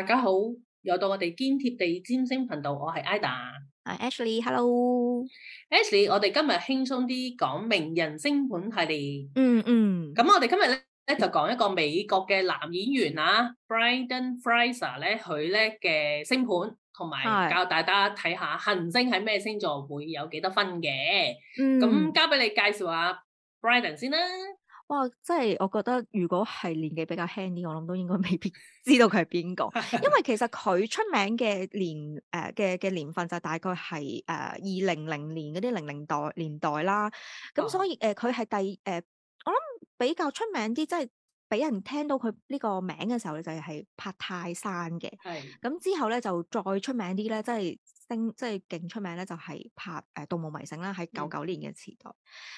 大家好，又到我哋堅貼地占星頻道，我係 Ida，係 Ashley，Hello，Ashley，我哋今日輕鬆啲講名人星盤系列，嗯嗯，咁我哋今日咧就講一個美國嘅男演員啊，Brendan Fraser 咧，佢咧嘅星盤，同埋教大家睇下行星係咩星座會有幾多分嘅，咁交俾你介紹下 Brendan 先啦。哇！即係我覺得，如果係年紀比較輕啲，我諗都應該未必知道佢係邊個， 因為其實佢出名嘅年誒嘅嘅年份就大概係誒二零零年嗰啲零零代年代啦。咁所以誒佢係第誒、呃、我諗比較出名啲，即係俾人聽到佢呢個名嘅時候，就係、係、拍泰山嘅。係咁的之後咧就再出名啲咧，即係。丁即係勁出名咧，就係拍誒《盜墓迷城》啦，喺九九年嘅時代。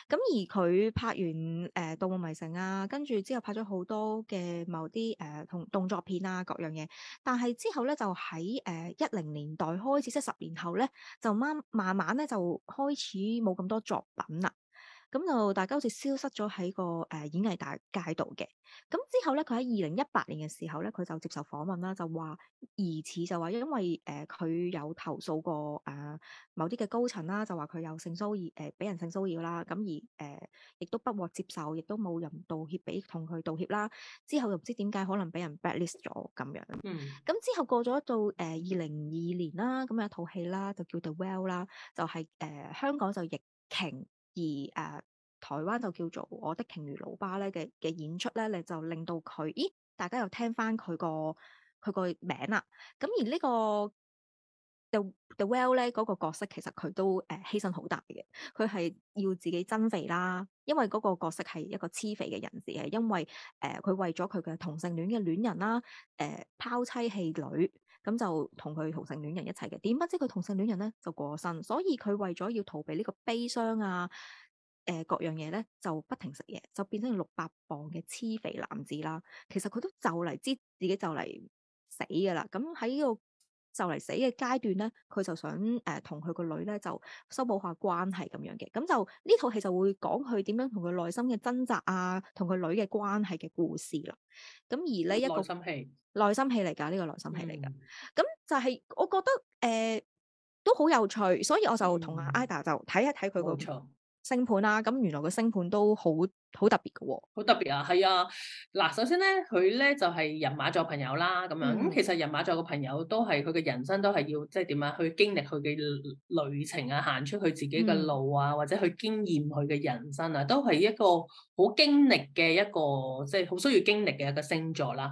咁、嗯、而佢拍完誒《呃、盜墓迷城》啊，跟住之後拍咗好多嘅某啲誒同動作片啊，各樣嘢。但係之後咧，就喺誒一零年代開始，即係十年後咧，就慢慢慢咧就開始冇咁多作品啦。咁就大家好似消失咗喺個誒演藝大街度嘅。咁之後咧，佢喺二零一八年嘅時候咧，佢就接受訪問啦，就話疑似就話因為誒佢、呃、有投訴過啊、呃、某啲嘅高層啦，就話佢有性騷擾誒，俾、呃、人性騷擾啦。咁而誒、呃、亦都不獲接受，亦都冇人道歉俾同佢道歉啦。之後又唔知點解可能俾人 blacklist 咗咁樣。嗯。咁之後過咗到誒二零二二年啦，咁有套戲啦，就叫做 The Well 啦、就是，就係誒香港就疫情。而誒、呃、台灣就叫做我的鯨魚老爸咧嘅嘅演出咧，你就令到佢咦，大家又聽翻佢、佢個佢個名啦。咁而呢個 The The Whale 咧嗰、嗰個角色其實佢都誒、呃、犧牲好大嘅，佢係要自己增肥啦，因為嗰個角色係一個癡肥嘅人士，係因為誒佢、呃、為咗佢嘅同性戀嘅戀人啦，誒、呃、拋妻棄女。咁就同佢同性戀人一齊嘅，點不知佢同性戀人咧就過身，所以佢為咗要逃避呢個悲傷啊，誒、呃、各樣嘢咧，就不停食嘢，就變成六百磅嘅黐肥男子啦。其實佢都就嚟知自己就嚟死噶啦，咁喺呢個就嚟死嘅階段咧，佢就想誒，同佢個女咧就修補下關係咁樣嘅，咁就呢套戲就會講佢點樣同佢內心嘅掙扎啊，同佢女嘅關係嘅故事啦。咁而呢一個內心戲，內、這個、心戲嚟噶呢個內心戲嚟噶，咁、嗯、就係我覺得誒、呃、都好有趣，所以我就同阿 ida 就睇一睇佢個。嗯，冇錯星盤啦，咁、啊、原來個星盤都好好特別嘅、哦，好特別啊，係啊，嗱，首先咧，佢咧就係、是、人馬座朋友啦，咁樣，咁、嗯、其實人馬座個朋友都係佢嘅人生都係要即係點啊，去經歷佢嘅旅程啊，行出佢自己嘅路啊，嗯、或者去經驗佢嘅人生啊，都係一個好經歷嘅一個，即係好需要經歷嘅一個星座啦。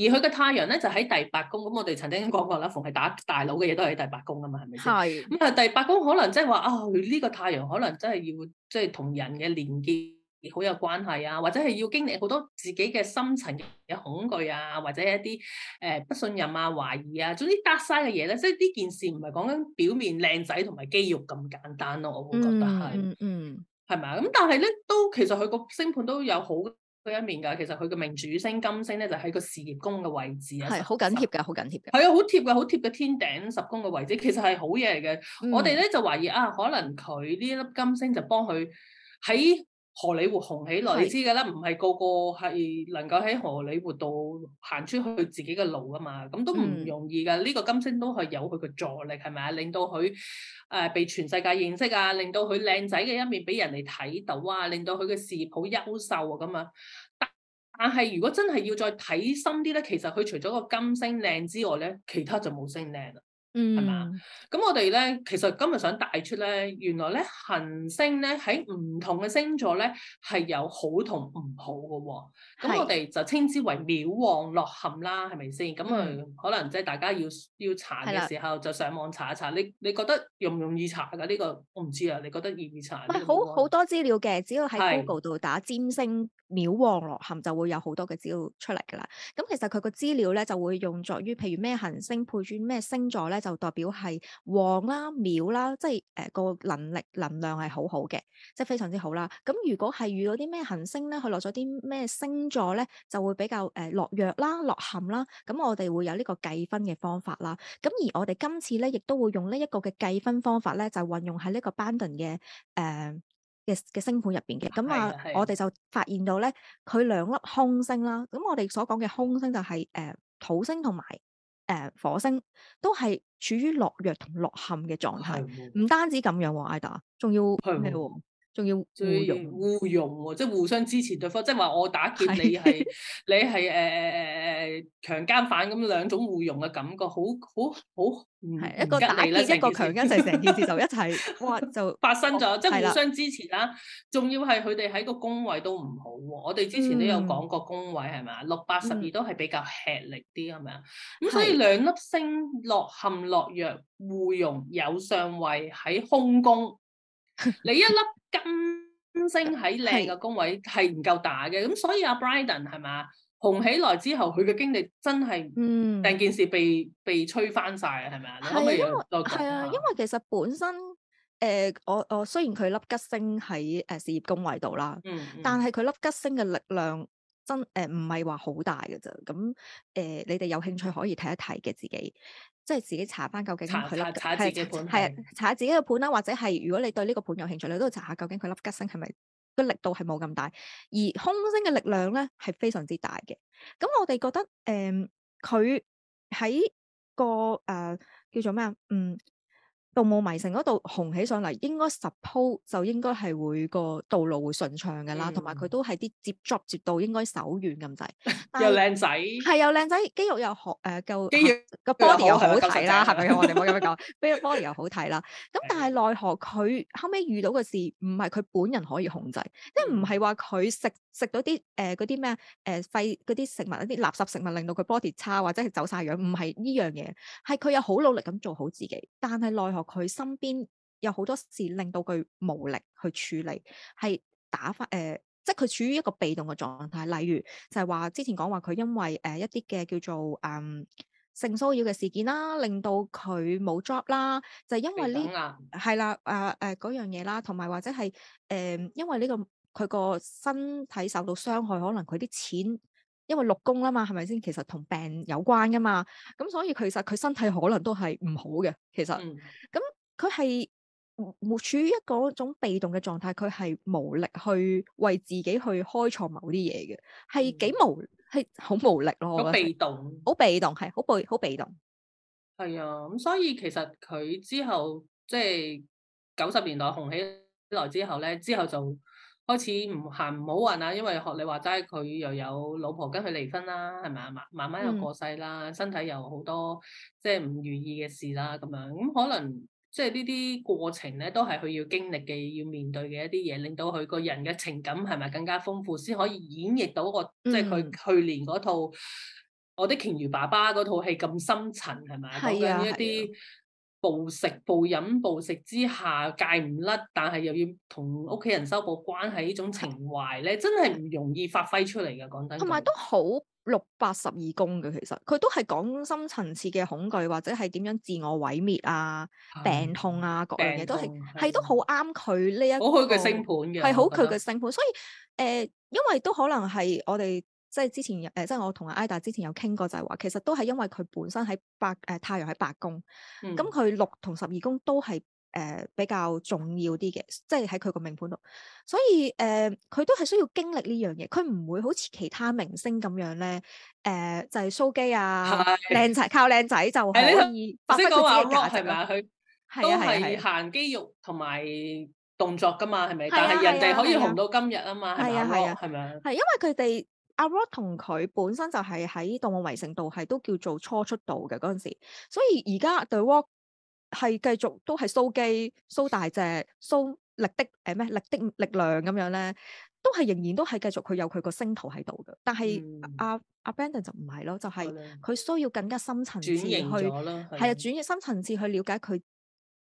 而佢個太陽咧就喺、是、第八宮，咁、嗯、我哋曾經講過啦，逢係打大佬嘅嘢都喺第八宮㗎嘛，係咪先？係是。咁啊、嗯，第八宮可能即係話啊，呢、哦這個太陽可能真係要即係同人嘅連結好有關係啊，或者係要經歷好多自己嘅深層嘅恐懼啊，或者一啲誒、呃、不信任啊、懷疑啊，總之得晒嘅嘢咧，即係呢件事唔係講緊表面靚仔同埋肌肉咁簡單咯、啊，我會覺得係、嗯，嗯，係咪啊？咁、嗯、但係咧，都其實佢個星盤都有好。佢一面噶，其實佢個命主星金星咧，就喺、是、個事業宮嘅位置啊，係好緊貼噶，好緊貼噶，係啊，好貼噶，好貼嘅天頂十宮嘅位置，其實係好嘢嚟嘅。嗯、我哋咧就懷疑啊，可能佢呢粒金星就幫佢喺。荷里活紅起來，你知嘅啦，唔係是個個係能夠喺荷里活度行出去自己嘅路噶嘛，咁都唔容易噶。呢、嗯、個金星都係有佢嘅助力，係咪啊？令到佢誒、呃、被全世界認識啊，令到佢靚仔嘅一面俾人哋睇到啊，令到佢嘅事業好優秀啊咁啊。但係如果真係要再睇深啲咧，其實佢除咗個金星靚之外咧，其他就冇星靚啦。嗯，係嘛？咁我哋咧，其實今日想帶出咧，原來咧，行星咧喺唔同嘅星座咧，係有好同唔好嘅，哦。咁是我哋就稱之為廟旺落陷啦，係咪先？咁啊，嗯、可能即係大家要要查嘅時候，的就上網查一查。你你覺，用查，這個，你覺得容唔容易查噶？呢個我唔知啊，你覺得易唔易查？喂，好好有多資料嘅，只要喺 Google 度打占星廟旺落陷，是就會有好多嘅資料出嚟噶啦。咁其實佢個資料咧，就會用作於譬如咩行星配住咩星座咧。就代表係旺啦、廟啦，即係誒個能力能量係好好嘅，即係非常之好啦。咁如果係遇到啲咩行星咧，佢落咗啲咩星座咧，就會比較誒、呃、落弱啦、落陷啦。咁我哋會有呢個計分嘅方法啦。咁而我哋今次咧，亦都會用呢一個嘅計分方法咧，就運用喺呢個班頓嘅誒嘅嘅星盤入邊嘅。咁啊，啊啊我哋就發現到咧，佢兩粒凶星啦。咁我哋所講嘅凶星就係、是、誒、呃、土星同埋。誒、嗯、火星都係處於落弱同落陷嘅狀態，唔的單止咁樣，Ida，仲要咩？仲要互容，互容即係互相支持對方，即係話我打劫你係的你係誒誒誒誒強姦犯咁，兩、uh, 種互容嘅感覺，好好好，係一個打劫一個強姦， 就成件事就一齊哇就發生咗，我即係互相支持啦。仲的要係佢哋喺個宮位都唔好，我哋之前有講、嗯、都有講過宮位係嘛，六八十二都係比較吃力啲係咪啊？咁所以兩粒星落陷落弱，互容有上位喺空宮。 你一粒金星喺靚嘅宮位係唔夠大嘅，咁是所以阿 Brendan 係咪紅起來之後，佢嘅經歷真係成件事被、嗯、被吹翻曬係咪啊？係因為係啊，因為其實本身誒、呃、我我，我雖然佢粒吉星喺誒、呃、事業宮位度啦，嗯嗯、但係佢粒吉星嘅力量，真唔係話好大嘅啫，咁誒、呃、你哋有興趣可以睇一睇嘅自己，即係自己查翻究竟佢粒，係係查下自己嘅盤啦，或者係如果你對呢個盤有興趣，你都可以查下究竟佢粒吉星係咪個力度係冇咁大，而凶星嘅力量咧係非常之大嘅。咁我哋覺得誒，佢喺個誒叫做咩啊？嗯。動物迷城嗰度紅起上嚟，應該十 u 就應該係會個道路會順暢嘅啦，同埋佢都係啲接 j 接到應該手軟咁滯。又靚 仔，係又靚仔，肌肉又厚，誒、呃、夠肌肉個 body 又好睇啦，係咪？我哋唔好咁樣講，body 又好睇啦。咁但係奈何佢後尾遇到個事，唔係佢本人可以控制，即係唔係話佢食食到啲誒嗰啲咩誒廢嗰啲食物一啲垃圾食物，令到佢 body 差或者係走晒樣，唔係呢樣嘢，係佢又好努力咁做好自己，但係奈何。佢身邊有好多事令到佢無力去處理，係打翻誒、呃，即係佢處於一個被動嘅狀態。例如就係話之前講話佢因為誒、呃、一啲嘅叫做誒、嗯、性騷擾嘅事件啦，令到佢冇 job 啦，就係、因為呢係啦誒誒嗰樣嘢啦，同埋或者係誒、呃、因為呢、呢個佢個身體受到傷害，可能佢啲錢。因為六宮吖嘛，係咪先？其實同病有關噶嘛，咁所以其實佢身體可能都係唔好嘅。其實，咁佢係冇處於一個種被動嘅狀態，佢係無力去為自己去開創某啲嘢嘅，係、嗯、幾無係好無力咯。好被動，好被動，係好被好被動。係啊，咁所以其實佢之後即係九十年代紅起來之後咧，之後就。開始唔行唔好運啊，因為學你話齋佢又有老婆跟佢離婚啦，係咪啊？嘛慢慢又過世啦，嗯、身體又好多即係唔如意嘅事啦，咁樣咁、嗯、可能即係呢啲過程咧，都係佢要經歷嘅、要面對嘅一啲嘢，令到佢個人嘅情感係咪更加豐富，先可以演繹到個即係佢去年嗰套《嗯、我的鯨魚爸爸》嗰套戲咁深層係咪講緊一啲？暴食、暴飲、暴食之下戒唔甩，但係又要同屋企人修補關係呢種情懷咧，真係唔容易發揮出嚟嘅。講緊的，同埋都好六八十二宮嘅，其實佢都係講深層次嘅恐懼，或者係點樣自我毀滅啊、病痛啊各樣嘢都係，係都好啱佢呢一個。好佢嘅星盤嘅。係好佢嘅星盤，所以誒、呃，因為都可能係我哋。即係之前，誒，即係我同阿 ida 之前有傾過，就係話，其實都係因為佢本身喺白誒太陽喺白宮，咁佢六同十二宮都係誒比較重要啲嘅，即係喺佢個命盤度。所以誒，佢都係需要經歷呢樣嘢，佢唔會好似其他明星咁樣咧，誒，就係痩肌啊，靚仔靠靚仔就係呢套白色嘅卡，係咪啊？佢都係行肌肉同埋動作㗎嘛，係咪？但係人哋可以紅到今日啊嘛，係啊，係啊，係咪？係因為佢哋。阿 Rock 同佢本身就係喺《動物圍城》度，係都叫做初出道嘅嗰陣時，所以而家對 Rock 係繼續都係蘇雞蘇大隻、蘇、欸、力的誒咩力的力量咁樣咧，都係仍然都係繼續佢有佢個星途喺度嘅。但係阿阿 Brendan 就唔係咯，就係、是、佢需要更加深層次去，係啊，轉型轉型深層次去了解佢。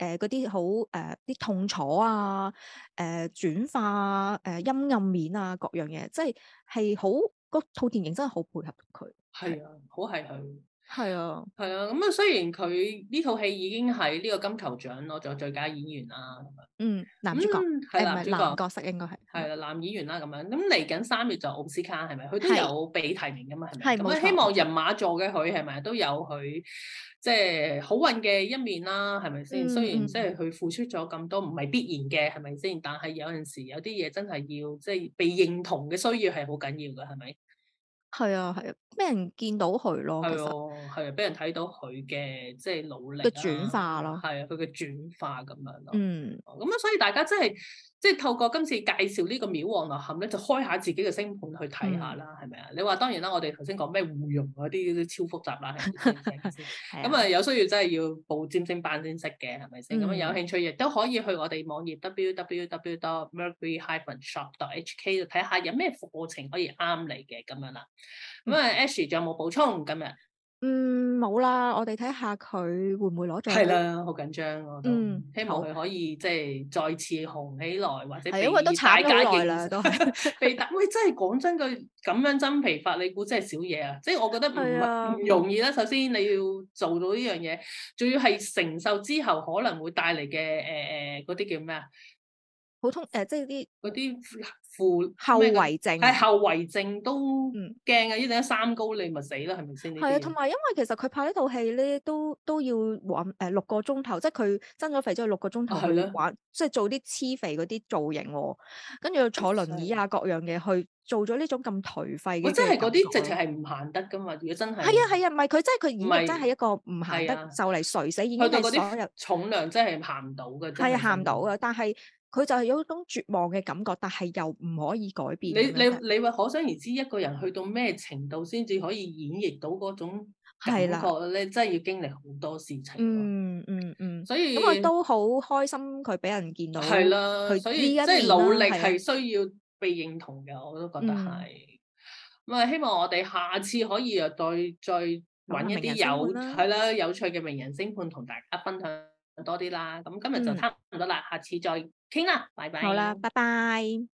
誒嗰啲好誒啲痛楚啊，誒、呃、轉化啊，誒、呃、陰暗面啊，各樣嘢，即係係好嗰套電影真係好配合佢。係啊，好係佢。的係啊，係啊，咁啊，雖然佢呢套戲已經喺呢個金球獎攞咗最佳演員啦，咁樣，嗯，男主角係啦，男主角角色應該係，係啦，男演員啦，咁樣，咁嚟緊三月就奧斯卡係咪？佢都有被提名噶嘛，係咪？咁冇錯，希望人馬座嘅佢係咪都有佢即係好運嘅一面啦？係咪先？雖然即係佢付出咗咁多，唔係必然嘅，係咪先？但係有陣時有啲嘢真係要即係被認同嘅需要係好緊要嘅，係咪？係啊，係啊，俾人見到佢咯，係啊，係啊，俾、啊、人睇到佢嘅即係努力嘅轉化咯，係啊，佢嘅轉化咁樣咯，啊啊、嗯，咁啊、嗯，所以大家真係。即係透過今次介紹個呢個廟旺落陷咧，就開下自己嘅星盤去睇下啦，係咪啊？你話當然啦，我哋頭先講咩互容嗰啲超複雜啦，係咪先？咁啊有需要真係要報占星班先識嘅，係咪先？咁啊、嗯、有興趣亦都可以去我哋網頁 www.mercury-hypen-shop.hk 就睇下有咩課程可以啱你嘅咁樣啦。咁、嗯、啊 Ashy 仲有冇補充咁樣？嗯，冇啦，我哋睇下佢會唔會攞獎？係啦，好緊張咯，我都嗯、希望佢可以的即係再次紅起來，或者佢都踩被大家記住。都 被打 喂，真係講真句，咁樣真皮法，你估真係少嘢啊？即係我覺得唔的容易啦。首先你要做到呢樣嘢，仲要係承受之後可能會帶嚟嘅誒誒嗰啲叫咩啊？普通誒，即係啲嗰啲副後遺症，係後遺症都唔驚嘅。呢家三高你咪死啦，係咪先？係啊，同埋因為其實佢拍呢套戲咧，都都要玩誒六個鐘頭，即係佢增咗肥之後六個鐘頭去玩，即係做啲黐肥嗰啲造型，跟住坐輪椅啊各樣嘢去做咗呢種咁頹廢嘅。即係嗰啲直情係唔行得噶嘛，如果真係，係啊係啊，唔係佢真係佢演真係一個唔行得就嚟垂死，已經係所有重量真係行唔到噶。係啊，行唔到噶，但係。佢就係有一種絕望嘅感覺，但係又唔可以改變。你嗎你你話可想而知，一個人去到咩程度先至可以演繹到嗰種感覺的，你真係要經歷好多事情。嗯嗯嗯，嗯嗯所以咁我都好開心，佢俾人見到的。係啦，所以即係、就是、努力係需要被認同嘅，我都覺得係。咁啊，希望我哋下次可以又再再搵一啲有係啦、嗯嗯嗯嗯、有趣嘅名人星盤，同大家分享。多啲啦，咁今日就差唔多啦，嗯、下次再傾啦，拜拜。好啦，拜拜。